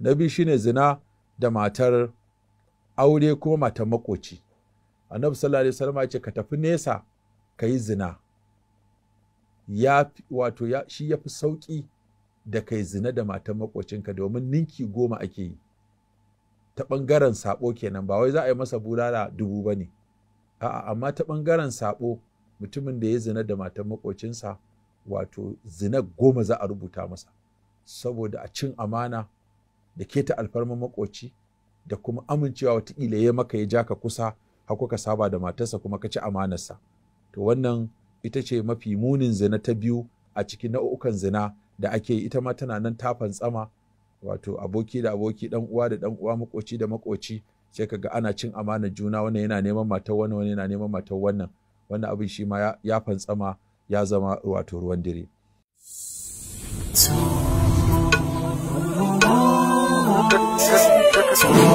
na biyu shine zina da matar aure kuma matar makoci annabi sallallahu alaihi wasallam ya ce ka tafi nesa ka yi zina ya wato ya shi yafi fi sauƙi da kai zina da matar makocinka domin ninki goma ake yi ta ɓangaren saɓo kenan ba wai za a yi masa bulala dubu ba ne a'a amma ta ɓangaren saɓo mutumin da ya zina da matar makocinsa wato zina goma za a rubuta masa saboda a cin amana da ta alfarmar makoci da kuma amincewa watakila ya maka ya ja ka kusa har ka saba da matarsa kuma ka ci amanarsa to wannan ita ce mafi munin zina ta biyu a cikin nau'ukan zina da ake yi ita ma tana nan tafan tsama wato aboki da aboki dan uwa da dan uwa makoci da makoci sai kaga ana cin amana juna wani yana neman matar wani wani yana neman matar wannan wannan abin shi ma ya fantsama ya zama wato ruwan dire. Solo